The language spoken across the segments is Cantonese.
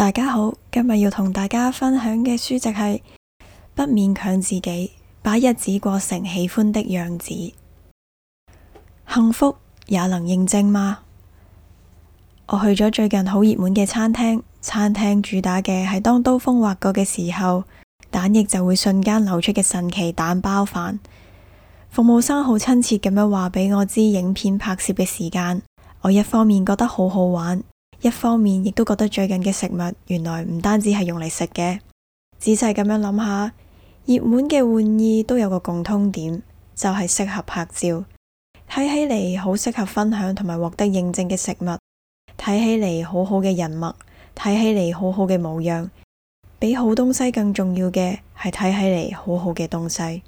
大家好，今日要同大家分享嘅書籍，就、係、是《不勉強自己，把日子過成喜歡的樣子》。幸福也能認證嗎？我去咗最近好熱門嘅餐廳，餐廳主打嘅係當刀鋒劃過嘅時候，蛋液就會瞬間流出嘅神奇蛋包飯。服務生好親切咁樣話畀我知影片拍攝嘅時間，我一方面覺得好好玩。一方面，亦都覺得最近嘅食物原來唔單止係用嚟食嘅。仔細咁樣諗下，熱門嘅玩意都有個共通點，就係適合拍照，睇起嚟好適合分享同埋獲得認證嘅食物，睇起嚟好好嘅人物，睇起嚟好好嘅模樣，比好東西更重要嘅係睇起嚟好好嘅東西。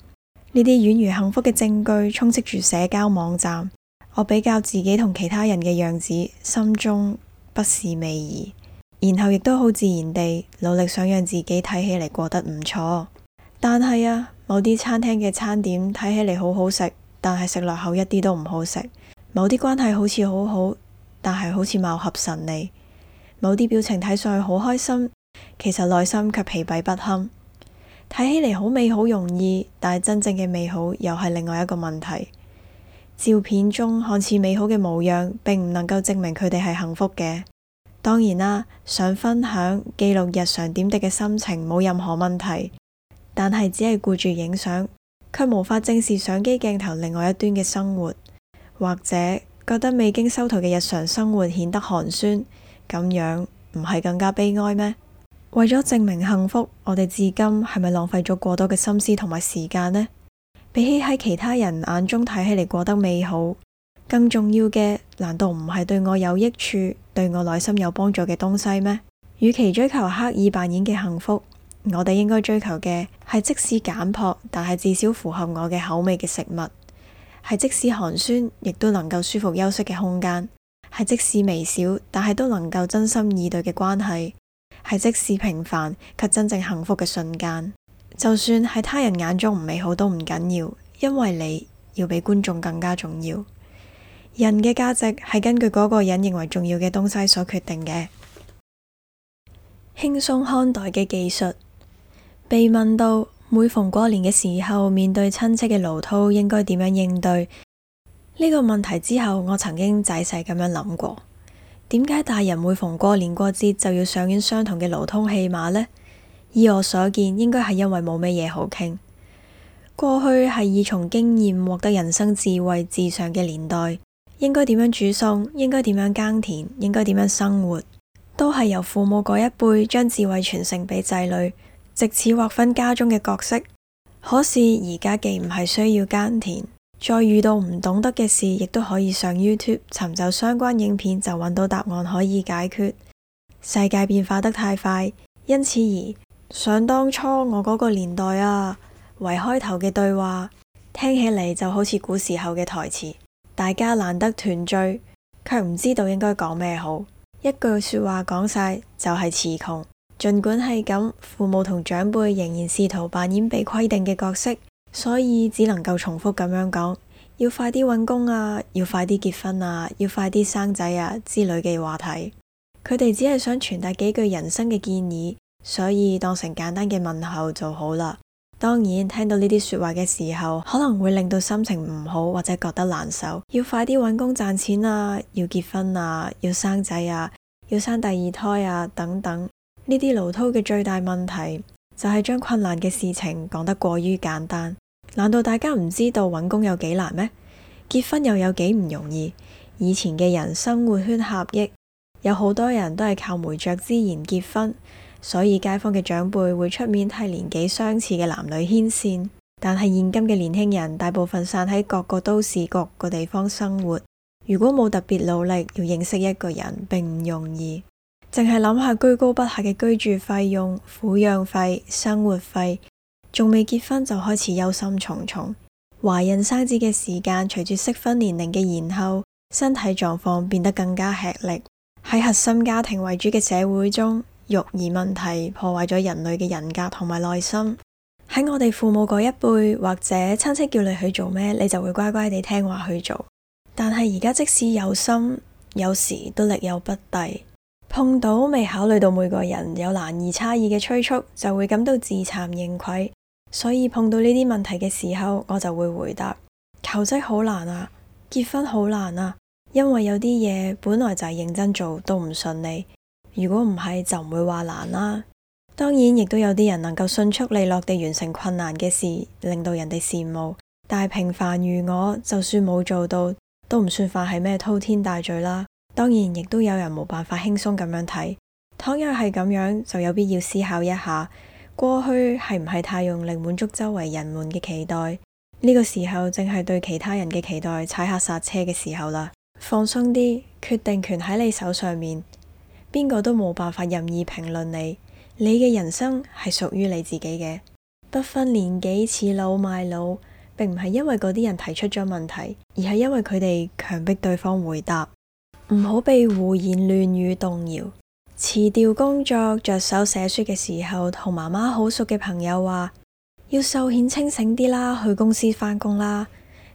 呢啲宛如幸福嘅證據，充斥住社交網站。我比較自己同其他人嘅樣子，心中，不是味兒，然後亦都好自然地努力想讓自己睇起嚟過得唔錯。但係啊，某啲餐廳嘅餐點睇起嚟好好食，但係食落口一啲都唔好食。某啲關係好似好好，但係好似貌合神離。某啲表情睇上去好開心，其實內心卻疲憊不堪。睇起嚟好美好容易，但係真正嘅美好又係另外一個問題。照片中看似美好嘅模樣，並唔能夠證明佢哋係幸福嘅。當然啦，想分享記錄日常點滴嘅心情冇任何問題，但係只係顧住影相，卻無法正視相機鏡頭另外一端嘅生活，或者覺得未經修圖嘅日常生活顯得寒酸，咁樣唔係更加悲哀咩？為咗證明幸福，我哋至今係咪浪費咗過多嘅心思同埋時間呢？比起喺其他人眼中睇起嚟過得美好，更重要嘅難道唔係對我有益處、對我內心有幫助嘅東西咩？與其追求刻意扮演嘅幸福，我哋應該追求嘅係即使簡樸但係至少符合我嘅口味嘅食物，係即使寒酸亦都能夠舒服休息嘅空間，係即使微小但係都能夠真心以對嘅關係，係即使平凡卻真正幸福嘅瞬間。就算喺他人眼中唔美好都唔緊要，因為你要比觀眾更加重要。人嘅價值係根據嗰個人認為重要嘅東西所決定嘅。輕鬆看待嘅技術。被問到每逢過年嘅時候，面對親戚嘅嘮叨應該點樣應對呢個問題之後，我曾經仔細咁樣諗過，點解大人每逢過年過節就要上演相同嘅嘮叨戲碼呢？以我所見，應該係因為冇乜嘢好傾。過去係以從經驗獲得人生智慧至上嘅年代，應該點樣煮餸，應該點樣耕田，應該點樣生活，都係由父母嗰一輩將智慧傳承俾仔女，借此劃分家中嘅角色。可是而家既唔係需要耕田，再遇到唔懂得嘅事，亦都可以上 YouTube 尋找相關影片，就揾到答案可以解決。世界變化得太快，因此而。想當初我嗰個年代啊，為開頭嘅對話聽起嚟就好似古時候嘅台詞，大家難得團聚，卻唔知道應該講咩好，一句說話講晒，就係詞窮。儘管係咁，父母同長輩仍然試圖扮演被規定嘅角色，所以只能夠重複咁樣講，要快啲搵工啊，要快啲結婚啊，要快啲生仔啊之類嘅話題。佢哋只係想傳達幾句人生嘅建議。所以當成簡單嘅問候就好啦。當然聽到呢啲說話嘅時候，可能會令到心情唔好或者覺得難受。要快啲搵工賺錢啊，要結婚啊，要生仔啊，要生第二胎啊，等等。呢啲嘮叨嘅最大問題就係將困難嘅事情講得過於簡單。難道大家唔知道搵工有幾難咩？結婚又有幾唔容易？以前嘅人生活圈狹隘，有好多人都係靠媒妁之言結婚。所以街坊嘅長輩會出面替年紀相似嘅男女牽線，但係現今嘅年輕人大部分散喺各個都市各個地方生活，如果冇特別努力要認識一個人，並唔容易。淨係諗下居高不下嘅居住費用、撫養費、生活費，仲未結婚就開始憂心忡忡。懷孕生子嘅時間隨住適婚年齡嘅延後，身體狀況變得更加吃力。喺核心家庭為主嘅社會中。育兒問題破壞咗人類嘅人格同埋內心。喺我哋父母嗰一輩，或者親戚叫你去做咩，你就會乖乖地聽話去做。但係而家即使有心，有時都力有不逮。碰到未考慮到每個人有難易差異嘅催促，就會感到自慚形穢。所以碰到呢啲問題嘅時候，我就會回答：求職好難啊，結婚好難啊，因為有啲嘢本來就係認真做都唔順利。如果唔係就唔會話難啦。當然亦都有啲人能夠迅速利落地完成困難嘅事，令到人哋羨慕。但係平凡如我，就算冇做到，都唔算犯係咩滔天大罪啦。當然亦都有人冇辦法輕鬆咁樣睇。倘若係咁樣，就有必要思考一下過去係唔係太用力滿足周圍人們嘅期待？呢個時候正係對其他人嘅期待踩下剎車嘅時候啦。放鬆啲，決定權喺你手上面。邊個都冇辦法任意評論你，你嘅人生係屬於你自己嘅。不分年紀，恃老賣老，並唔係因為嗰啲人提出咗問題，而係因為佢哋強迫對方回答。唔好被胡言亂語動搖。辭掉工作，着手寫書嘅時候，同媽媽好熟嘅朋友話：要壽險清醒啲啦，去公司返工啦。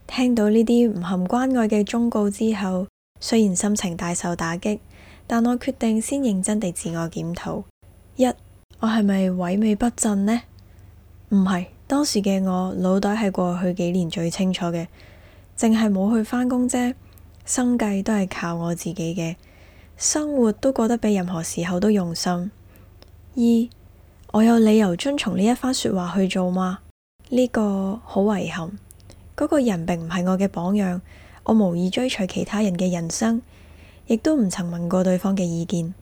聽到呢啲唔含關愛嘅忠告之後，雖然心情大受打擊。但我決定先認真地自我檢討：一，我係咪萎靡不振呢？唔係，當時嘅我腦袋係過去幾年最清楚嘅，淨係冇去返工啫，生計都係靠我自己嘅，生活都過得比任何時候都用心。二，我有理由遵從呢一番說話去做嗎？呢個好遺憾，嗰個人並唔係我嘅榜樣，我無意追隨其他人嘅人生。亦都唔曾問過對方嘅意見。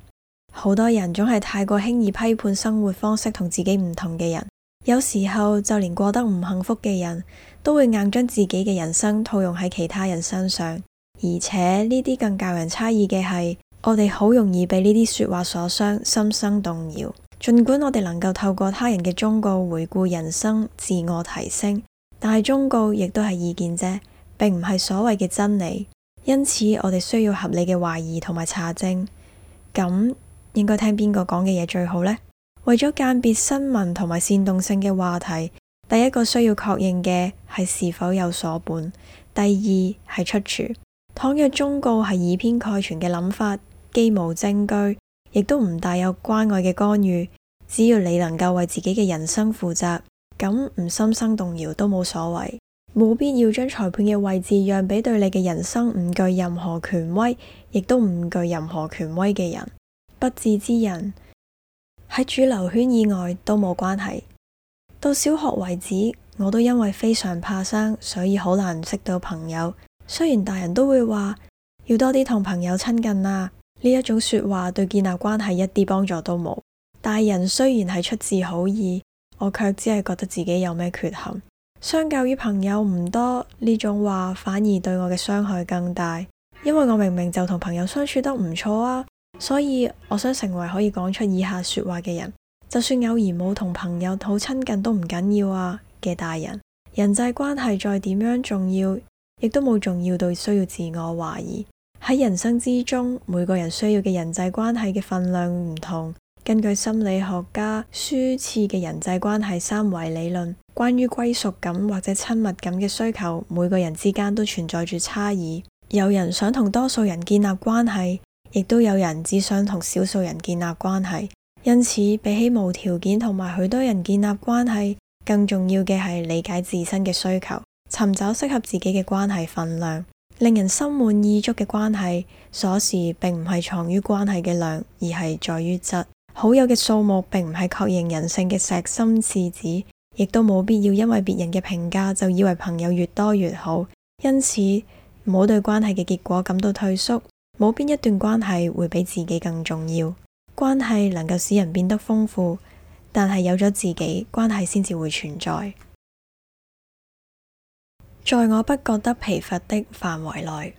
好多人總係太過輕易批判生活方式同自己唔同嘅人，有時候就連過得唔幸福嘅人都會硬將自己嘅人生套用喺其他人身上，而且呢啲更教人詫異嘅係，我哋好容易被呢啲說話所傷，心生動搖。盡管我哋能夠透過他人嘅忠告回顧人生，自我提升，但係忠告亦都係意見啫，並唔係所謂嘅真理。因此，我哋需要合理嘅懷疑同埋查證。咁應該聽邊個講嘅嘢最好呢？為咗鑑別新聞同埋煽動性嘅話題，第一個需要確認嘅係是，是否有所本，第二係出處。倘若忠告係以偏概全嘅諗法，既無證據，亦都唔帶有關愛嘅干預。只要你能夠為自己嘅人生負責，咁唔心生動搖都冇所謂。冇必要將裁判嘅位置讓俾對你嘅人生唔具任何權威，亦都唔具任何權威嘅人，不智之人。喺主流圈以外都冇關係。到小學為止，我都因為非常怕生，所以好難識到朋友。雖然大人都會話要多啲同朋友親近啦，啊，呢一種説話對建立關係一啲幫助都冇。大人雖然係出自好意，我卻只係覺得自己有咩缺陷。相較於朋友唔多呢種話，反而對我嘅傷害更大，因為我明明就同朋友相處得唔錯啊，所以我想成為可以講出以下說話嘅人，就算偶爾冇同朋友好親近都唔緊要，要啊嘅大人。人際關係再點樣重要，亦都冇重要到需要自我懷疑。喺人生之中，每個人需要嘅人際關係嘅分量唔同。根據心理學家舒茨嘅人際關係三維理論，關於歸屬感或者親密感嘅需求，每個人之間都存在住差異。有人想同多數人建立關係，亦都有人只想同少數人建立關係。因此，比起無條件同埋許多人建立關係，更重要嘅係理解自身嘅需求，尋找適合自己嘅關係分量。令人心滿意足嘅關係，鎖匙並唔係藏於關係嘅量，而係在於質。好友嘅數目並唔係確認人性嘅石心刺子，亦都冇必要因為別人嘅評價就以為朋友越多越好。因此，唔好對關係嘅結果感到退縮，冇邊一段關係會比自己更重要。關係能夠使人變得豐富，但係有咗自己，關係先至會存在。在我不覺得疲乏的範圍內，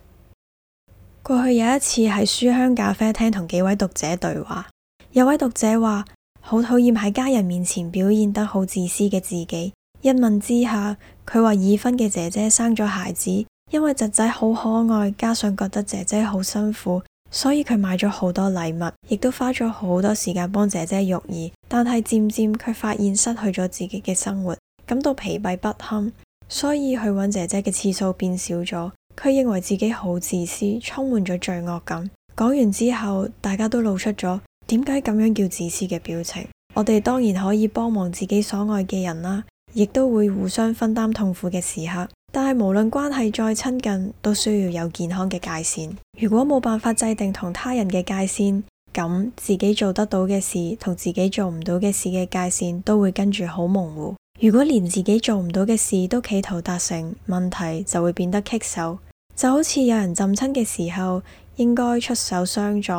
過去有一次喺書香咖啡廳同幾位讀者對話。有位讀者話：好討厭喺家人面前表現得好自私嘅自己。一問之下，佢話已婚嘅姐姐生咗孩子，因為侄仔好可愛，加上覺得姐姐好辛苦，所以佢買咗好多禮物，亦都花咗好多時間幫姐姐育兒。但係漸漸佢發現失去咗自己嘅生活，感到疲憊不堪，所以去揾姐姐嘅次數變少咗。佢認為自己好自私，充滿咗罪惡感。講完之後，大家都露出咗。點解咁樣叫自私嘅表情？我哋當然可以幫忙自己所愛嘅人啦，亦都會互相分擔痛苦嘅時刻。但係無論關係再親近，都需要有健康嘅界線。如果冇辦法制定同他人嘅界線，咁自己做得到嘅事同自己做唔到嘅事嘅界線都會跟住好模糊。如果連自己做唔到嘅事都企圖達成，問題就會變得棘手。就好似有人浸親嘅時候，應該出手相助。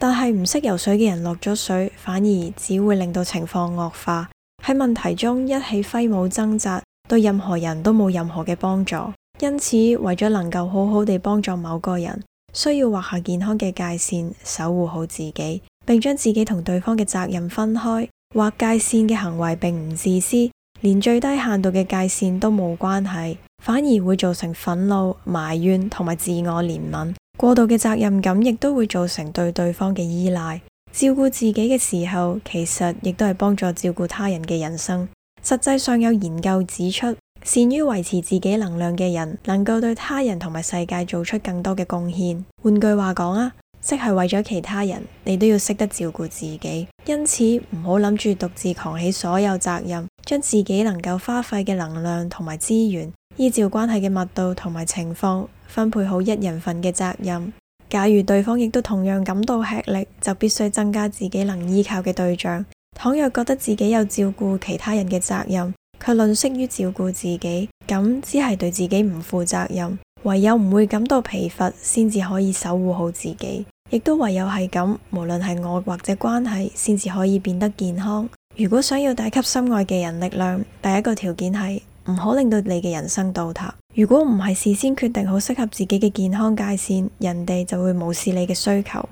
但係唔識游水嘅人落咗水，反而只會令到情況惡化。喺問題中一起揮舞掙扎，對任何人都冇任何嘅幫助。因此，為咗能夠好好地幫助某個人，需要劃下健康嘅界線，守護好自己，並將自己同對方嘅責任分開。劃界線嘅行為並唔自私，連最低限度嘅界線都冇關係，反而會造成憤怒、埋怨同埋自我憐憫。過度嘅責任感亦都會造成對對方嘅依賴。照顧自己嘅時候，其實亦都係幫助照顧他人嘅人生。實際上有研究指出，善於維持自己能量嘅人，能夠對他人同埋世界做出更多嘅貢獻。換句話講啊，即係為咗其他人，你都要識得照顧自己。因此唔好諗住獨自扛起所有責任，將自己能夠花費嘅能量同埋資源，依照關係嘅密度同埋情況分配好一人份嘅責任。假如對方亦都同樣感到吃力，就必須增加自己能依靠嘅對象。倘若覺得自己有照顧其他人嘅責任，卻吝嗇於照顧自己，咁只係對自己唔負責任。唯有唔會感到疲乏，先至可以守護好自己。亦都唯有係咁，無論係我或者關係，先至可以變得健康。如果想要帶給心愛嘅人力量，第一個條件係。唔好令到你嘅人生倒塌。如果唔係事先決定好適合自己嘅健康界線，人哋就會無視你嘅需求。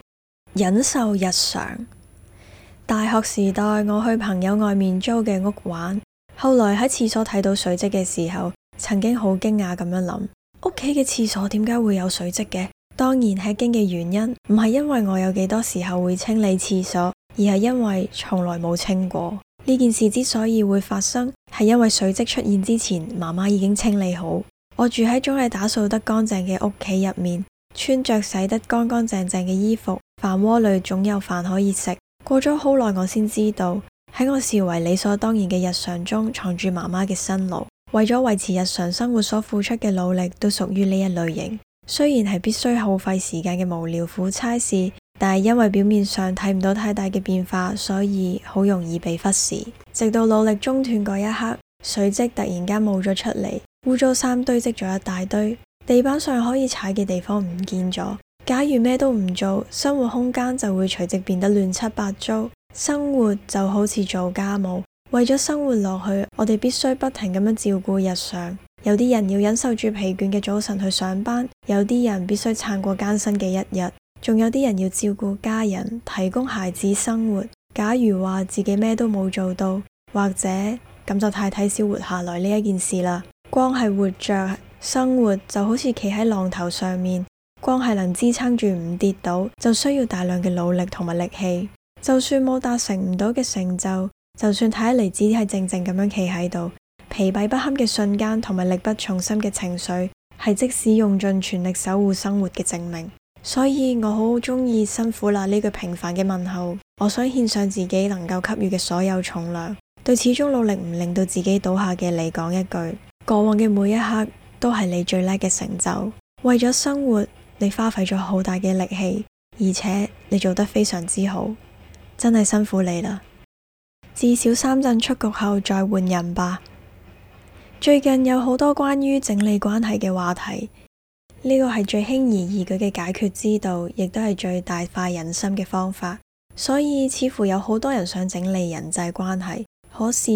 忍受日常。大學時代，我去朋友外面租嘅屋玩，後來喺廁所睇到水迹嘅時候，曾經好驚訝咁樣諗：屋企嘅廁所點解會有水迹嘅？當然吃驚嘅原因，唔係因為我有幾多時候會清理廁所，而係因為從來冇清過。呢件事之所以會發生，係因為水漬出現之前，媽媽已經清理好。我住喺總係打掃得乾淨嘅屋企入面，穿着洗得乾乾淨淨嘅衣服，飯鍋裏總有飯可以食。過咗好耐，我先知道，喺我視為理所當然嘅日常中，藏住媽媽嘅辛勞，為咗維持日常生活所付出嘅努力，都屬於呢一類型。雖然係必須耗費時間嘅無聊苦差事。但係因為表面上睇唔到太大嘅變化，所以好容易被忽視。直到努力中斷嗰一刻，水漬突然間冒咗出嚟，污糟衫堆積咗一大堆，地板上可以踩嘅地方唔見咗。假如咩都唔做，生活空間就會隨即變得亂七八糟。生活就好似做家務，為咗生活落去，我哋必須不停咁樣照顧日常。有啲人要忍受住疲倦嘅早晨去上班，有啲人必須撐過艱辛嘅一日。仲有啲人要照顧家人，提供孩子生活。假如話自己咩都冇做到，或者咁就太睇小活下來呢一件事啦。光係活着，生活就好似企喺浪頭上面，光係能支撐住唔跌倒，就需要大量嘅努力同埋力氣。就算冇達成唔到嘅成就，就算睇嚟只係靜靜咁樣企喺度，疲憊不堪嘅瞬間同埋力不從心嘅情緒，係即使用盡全力守護生活嘅證明。所以我好中意辛苦啦呢句平凡嘅問候，我想獻上自己能夠給予嘅所有重量，對始終努力唔令到自己倒下嘅你講一句：過往嘅每一刻都係你最叻嘅成就。為咗生活，你花費咗好大嘅力氣，而且你做得非常之好，真係辛苦你啦！至少三振出局後再換人吧。最近有好多關於整理關係嘅話題。呢個係最輕而易舉嘅解決之道，亦都係最大快人心嘅方法。所以似乎有好多人想整理人際關係，可是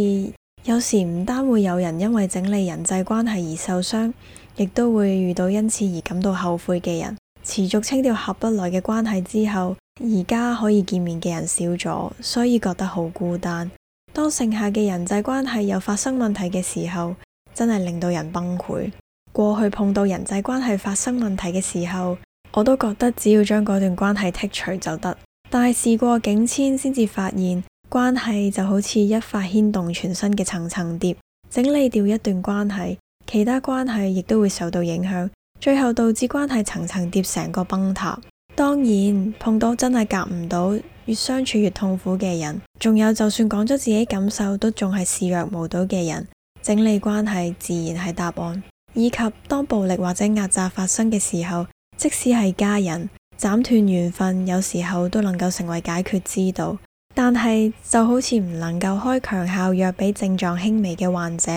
有時唔單會有人因為整理人際關係而受傷，亦都會遇到因此而感到後悔嘅人。持續清掉合不來嘅關係之後，而家可以見面嘅人少咗，所以覺得好孤單。當剩下嘅人際關係又發生問題嘅時候，真係令到人崩潰。過去碰到人際關係發生問題嘅時候，我都覺得只要將嗰段關係剔除就得。但係事過境遷，先至發現關係就好似一髮牽動全身嘅層層疊，整理掉一段關係，其他關係亦都會受到影響，最後導致關係層層疊成個崩塌。當然碰到真係夾唔到，越相處越痛苦嘅人，仲有就算講咗自己感受都仲係視若無睹嘅人，整理關係自然係答案。以及當暴力或者壓榨發生嘅時候，即使係家人斬斷緣分，有時候都能夠成為解決之道。但係就好似唔能夠開強效藥俾症狀輕微嘅患者，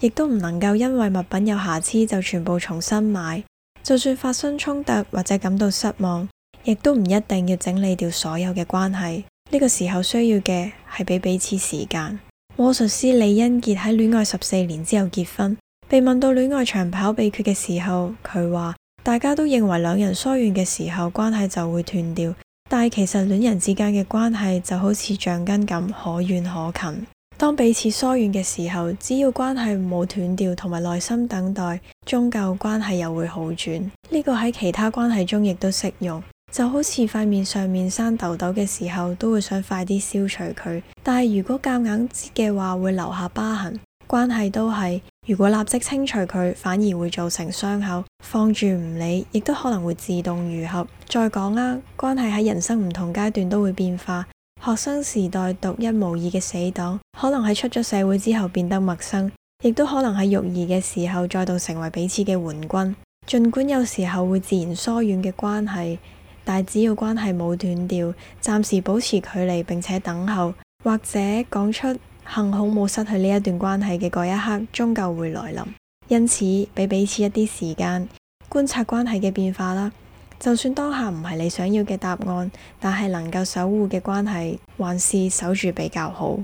亦都唔能夠因為物品有瑕疵就全部重新買。就算發生衝突或者感到失望，亦都唔一定要整理掉所有嘅關係。呢個時候需要嘅係俾彼此時間。魔術師李恩杰喺戀愛十四年之後結婚。被問到戀愛長跑秘訣嘅時候，佢話：大家都認為兩人疏遠嘅時候，關係就會斷掉，但係其實戀人之間嘅關係就好似橡筋咁，可遠可近。當彼此疏遠嘅時候，只要關係冇斷掉同埋耐心等待，終究關係又會好轉。呢個喺其他關係中亦都適用，就好似塊面上面生痘痘嘅時候，都會想快啲消除佢，但係如果夾硬擠嘅話，會留下疤痕。關係都係。如果立即清除佢，反而會造成傷口；放住唔理，亦都可能會自動愈合。再講啦，關係喺人生唔同階段都會變化。學生時代獨一無二嘅死黨，可能喺出咗社會之後變得陌生，亦都可能喺育兒嘅時候再度成為彼此嘅援軍。儘管有時候會自然疏遠嘅關係，但只要關係冇斷掉，暫時保持距離並且等候，或者講出。幸好冇失去呢一段關係嘅嗰一刻，終究會來臨，因此俾彼此一啲時間觀察關係嘅變化啦。就算當下唔係你想要嘅答案，但係能夠守護嘅關係，還是守住比較好。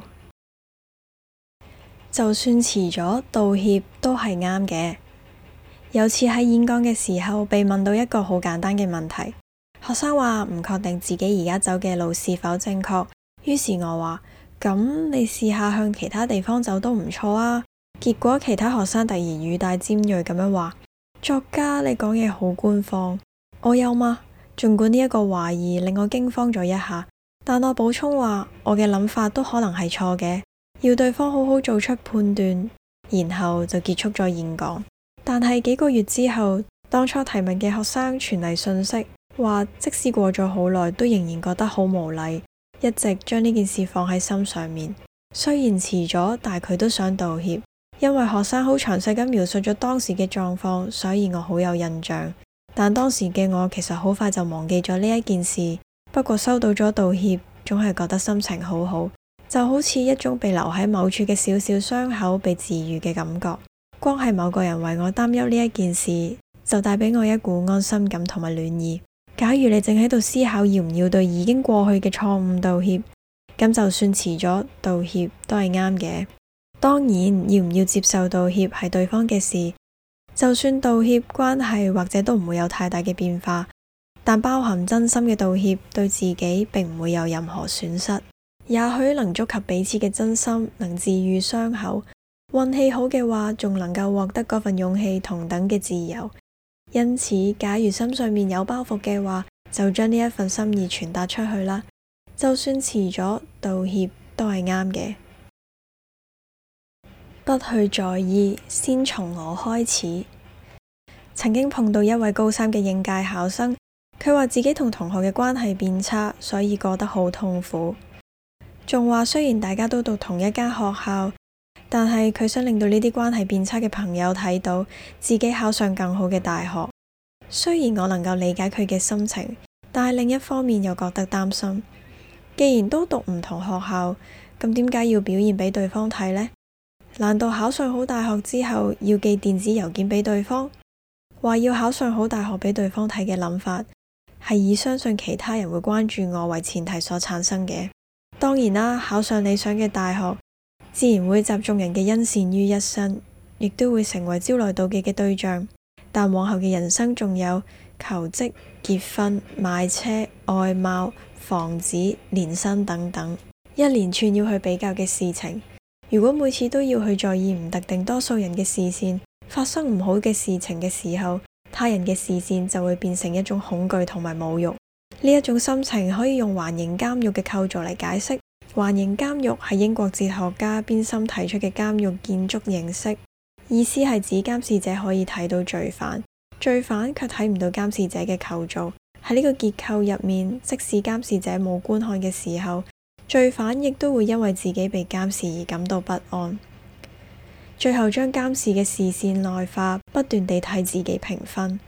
就算遲咗道歉都係啱嘅。有次喺演講嘅時候，被問到一個好簡單嘅問題，學生話唔確定自己而家走嘅路是否正確，於是我話。咁你試下向其他地方走都唔錯啊。結果其他學生突然語帶尖銳咁樣話：作家，你講嘢好官方，我有嗎？盡管呢一個懷疑令我驚慌咗一下，但我補充話我嘅諗法都可能係錯嘅，要對方好好做出判斷，然後就結束咗演講。但係幾個月之後，當初提問嘅學生傳嚟訊息，話即使過咗好耐，都仍然覺得好無禮。一直將呢件事放喺心上面，雖然遲咗，但係佢都想道歉。因為學生好詳細咁描述咗當時嘅狀況，所以我好有印象。但當時嘅我其實好快就忘記咗呢一件事。不過收到咗道歉，總係覺得心情好好，就好似一種被留喺某處嘅小小傷口被治癒嘅感覺。光係某個人為我擔憂呢一件事，就帶俾我一股安心感同埋暖意。假如你正喺度思考要唔要對已經過去嘅錯誤道歉，咁就算遲咗道歉都係啱嘅。當然，要唔要接受道歉係對方嘅事。就算道歉關係或者都唔會有太大嘅變化，但包含真心嘅道歉，對自己並唔會有任何損失。也許能觸及彼此嘅真心，能治愈傷口。運氣好嘅話，仲能夠獲得嗰份勇氣同等嘅自由。因此，假如心上面有包袱嘅話，就將呢一份心意傳達出去啦。就算遲咗，道歉都係啱嘅。不去在意，先從我開始。曾經碰到一位高三嘅應屆考生，佢話自己同同學嘅關係變差，所以過得好痛苦。仲話雖然大家都讀同一間學校。但係佢想令到呢啲關係變差嘅朋友睇到自己考上更好嘅大學。雖然我能夠理解佢嘅心情，但係另一方面又覺得擔心。既然都讀唔同學校，咁點解要表現俾對方睇呢？難道考上好大學之後要寄電子郵件俾對方，話要考上好大學俾對方睇嘅諗法，係以相信其他人會關注我為前提所產生嘅。當然啦，考上理想嘅大學。自然會集眾人嘅恩寵於一身，亦都會成為招來妒忌嘅對象。但往後嘅人生仲有求職、結婚、買車、外貌、房子、年薪等等一連串要去比較嘅事情。如果每次都要去在意唔特定多數人嘅視線，發生唔好嘅事情嘅時候，他人嘅視線就會變成一種恐懼同埋侮辱。呢一種心情可以用環形監獄嘅構造嚟解釋。環形監獄係英國哲學家邊沁提出嘅監獄建築形式，意思係指監視者可以睇到罪犯，罪犯卻睇唔到監視者嘅構造。喺呢個結構入面，即使監視者冇觀看嘅時候，罪犯亦都會因為自己被監視而感到不安。最後將監視嘅視線內化，不斷地替自己評分。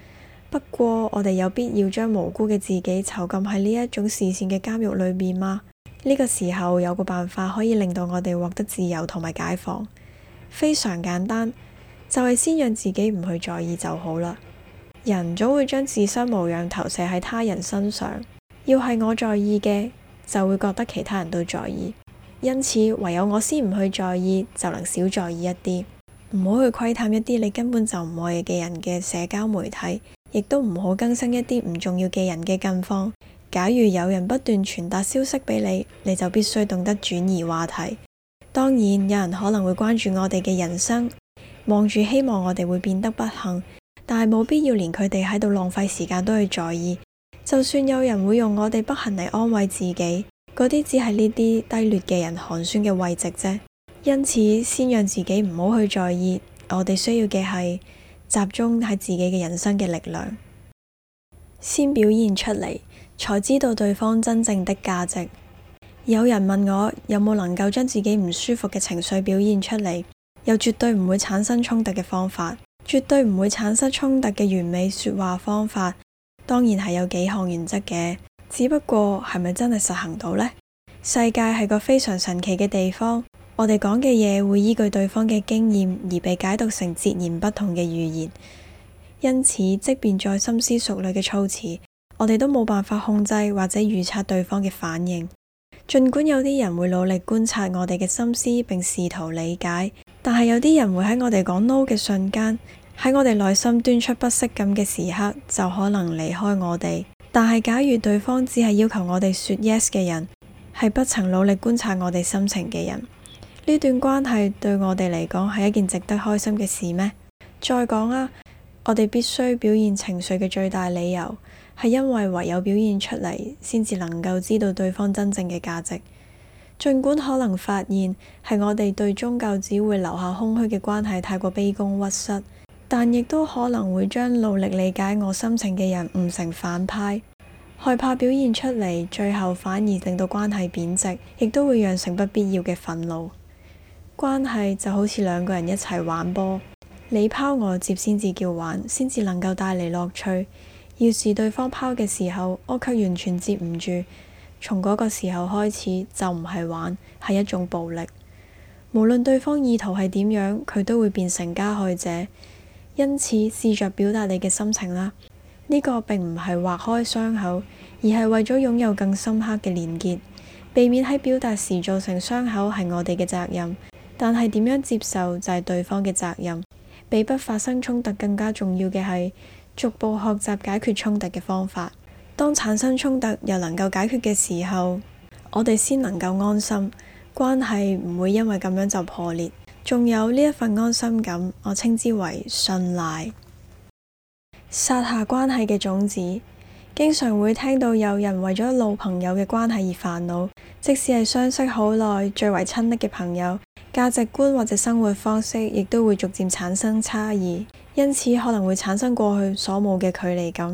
不過，我哋有必要將無辜嘅自己囚禁喺呢一種視線嘅監獄裏面嗎？呢個時候有個辦法可以令到我哋獲得自由同埋解放，非常簡單，就係先讓自己唔去在意就好啦。人總會將自身模樣投射喺他人身上，要係我在意嘅，就會覺得其他人都在意。因此，唯有我先唔去在意，就能少在意一啲，唔好去窺探一啲你根本就唔愛嘅人嘅社交媒體，亦都唔好更新一啲唔重要嘅人嘅近況。假如有人不斷傳達消息俾你，你就必須懂得轉移話題。當然，有人可能會關注我哋嘅人生，望住希望我哋會變得不幸，但係冇必要連佢哋喺度浪費時間都去在意。就算有人會用我哋不幸嚟安慰自己，嗰啲只係呢啲低劣嘅人寒酸嘅慰藉啫。因此，先讓自己唔好去在意，我哋需要嘅係集中喺自己嘅人生嘅力量，先表現出嚟。才知道對方真正的價值。有人問我有冇能夠將自己唔舒服嘅情緒表現出嚟，又絕對唔會產生衝突嘅方法，絕對唔會產生衝突嘅完美說話方法，當然係有幾項原則嘅。只不過係咪真係實行到呢？世界係個非常神奇嘅地方，我哋講嘅嘢會依據對方嘅經驗而被解讀成截然不同嘅語言。因此，即便再深思熟慮嘅措辭，我哋都冇辦法控制或者預測對方嘅反應，儘管有啲人會努力觀察我哋嘅心思，並試圖理解，但係有啲人會喺我哋講 no 嘅瞬間，喺我哋內心端出不適感嘅時刻，就可能離開我哋。但係假如對方只係要求我哋說 yes 嘅人，係不曾努力觀察我哋心情嘅人，呢段關係對我哋嚟講係一件值得開心嘅事咩？再講啊，我哋必須表現情緒嘅最大理由。係因為唯有表現出嚟，先至能夠知道對方真正嘅價值。儘管可能發現係我哋對宗教只會留下空虛嘅關係，太過卑躬屈膝，但亦都可能會將努力理解我心情嘅人誤成反派。害怕表現出嚟，最後反而令到關係貶值，亦都會釀成不必要嘅憤怒。關係就好似兩個人一齊玩波，你拋我接先至叫玩，先至能夠帶嚟樂趣。要是對方拋嘅時候，我卻完全接唔住，從嗰個時候開始就唔係玩，係一種暴力。無論對方意圖係點樣，佢都會變成加害者。因此試着表達你嘅心情啦。呢個並唔係劃開傷口，而係為咗擁有更深刻嘅連結。避免喺表達時造成傷口係我哋嘅責任，但係點樣接受就係對方嘅責任。比不發生衝突更加重要嘅係，逐步學習解決衝突嘅方法。當產生衝突又能夠解決嘅時候，我哋先能夠安心，關係唔會因為咁樣就破裂。仲有呢一份安心感，我稱之為信賴。撒下關係嘅種子。經常會聽到有人為咗老朋友嘅關係而煩惱，即使係相識好耐、最為親昵嘅朋友，價值觀或者生活方式，亦都會逐漸產生差異。因此可能會產生過去所冇嘅距離感，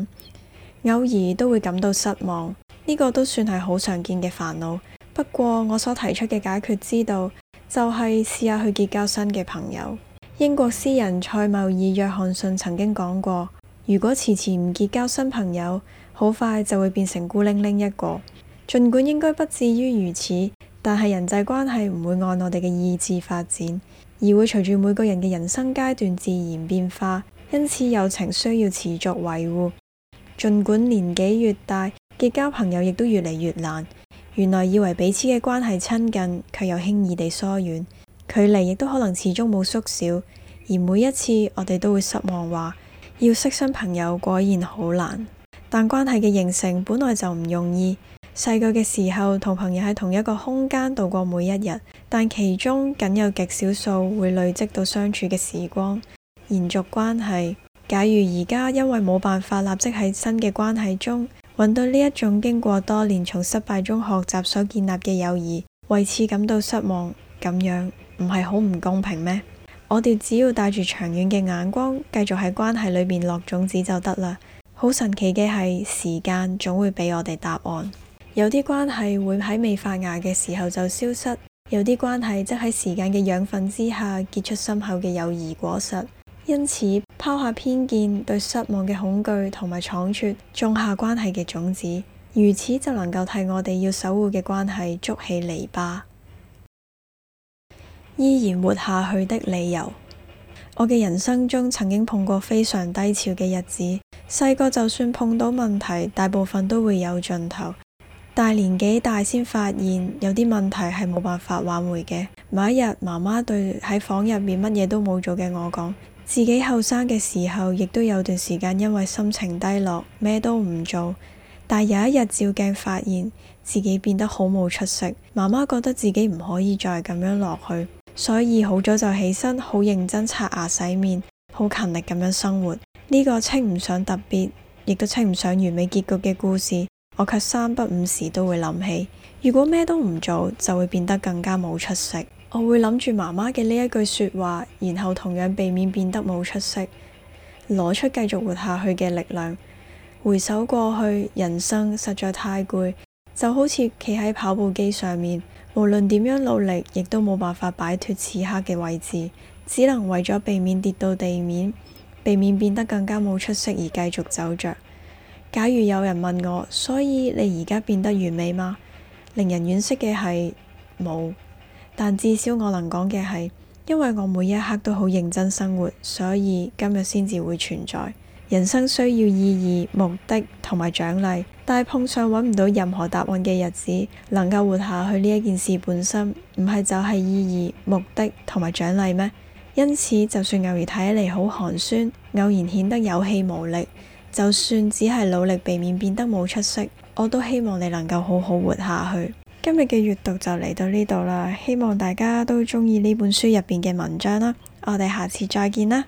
偶爾都會感到失望，呢個都算係好常見嘅煩惱。不過我所提出嘅解決之道，就係試下去結交新嘅朋友。英國詩人塞繆爾約翰遜曾經講過：「如果遲遲唔結交新朋友，好快就會變成孤零零一個。儘管應該不至於如此，但係人際關係唔會按我哋嘅意志發展。而會隨住每個人嘅人生階段自然變化，因此友情需要持續維護。儘管年紀越大，結交朋友亦都越嚟越難。原來以為彼此嘅關係親近，卻又輕易地疏遠，距離亦都可能始終冇縮小。而每一次我哋都會失望話，話要識新朋友果然好難。但關係嘅形成本來就唔容易。細個嘅時候，同朋友喺同一個空間度過每一日，但其中僅有極少數會累積到相處嘅時光，延續關係。假如而家因為冇辦法立即喺新嘅關係中揾到呢一種經過多年從失敗中學習所建立嘅友誼，為此感到失望，咁樣唔係好唔公平咩？我哋只要帶住長遠嘅眼光，繼續喺關係裏面落種子就得啦。好神奇嘅係，時間總會俾我哋答案。有啲關係會喺未發芽嘅時候就消失，有啲關係則喺時間嘅養分之下結出深厚嘅友誼果實。因此，拋下偏見、對失望嘅恐懼同埋倉促，種下關係嘅種子，如此就能夠替我哋要守護嘅關係築起籬笆。依然活下去的理由。我嘅人生中曾經碰過非常低潮嘅日子，細個就算碰到問題，大部分都會有盡頭。大年紀大先發現有啲問題係冇辦法挽回嘅。某一日，媽媽對喺房入面乜嘢都冇做嘅我講：自己後生嘅時候，亦都有段時間因為心情低落，咩都唔做。但有一日照鏡發現自己變得好冇出息，媽媽覺得自己唔可以再咁樣落去，所以好早就起身，好認真刷牙洗面，好勤力咁樣生活。呢個稱唔上特別，亦都稱唔上完美結局嘅故事。我卻三不五時都會諗起，如果咩都唔做，就會變得更加冇出息。我會諗住媽媽嘅呢一句說話，然後同樣避免變得冇出息，攞出繼續活下去嘅力量。回首過去，人生實在太攰，就好似企喺跑步機上面，無論點樣努力，亦都冇辦法擺脫此刻嘅位置，只能為咗避免跌到地面，避免變得更加冇出息而繼續走着。假如有人問我，所以你而家變得完美嗎？令人惋惜嘅係冇，但至少我能講嘅係，因為我每一刻都好認真生活，所以今日先至會存在。人生需要意義、目的同埋獎勵，但係碰上揾唔到任何答案嘅日子，能夠活下去呢一件事本身，唔係就係意義、目的同埋獎勵咩？因此，就算偶爾睇起嚟好寒酸，偶然顯得有氣無力。就算只係努力避免變得冇出息，我都希望你能夠好好活下去。今日嘅閱讀就嚟到呢度啦，希望大家都鍾意呢本書入面嘅文章啦。我哋下次再見啦。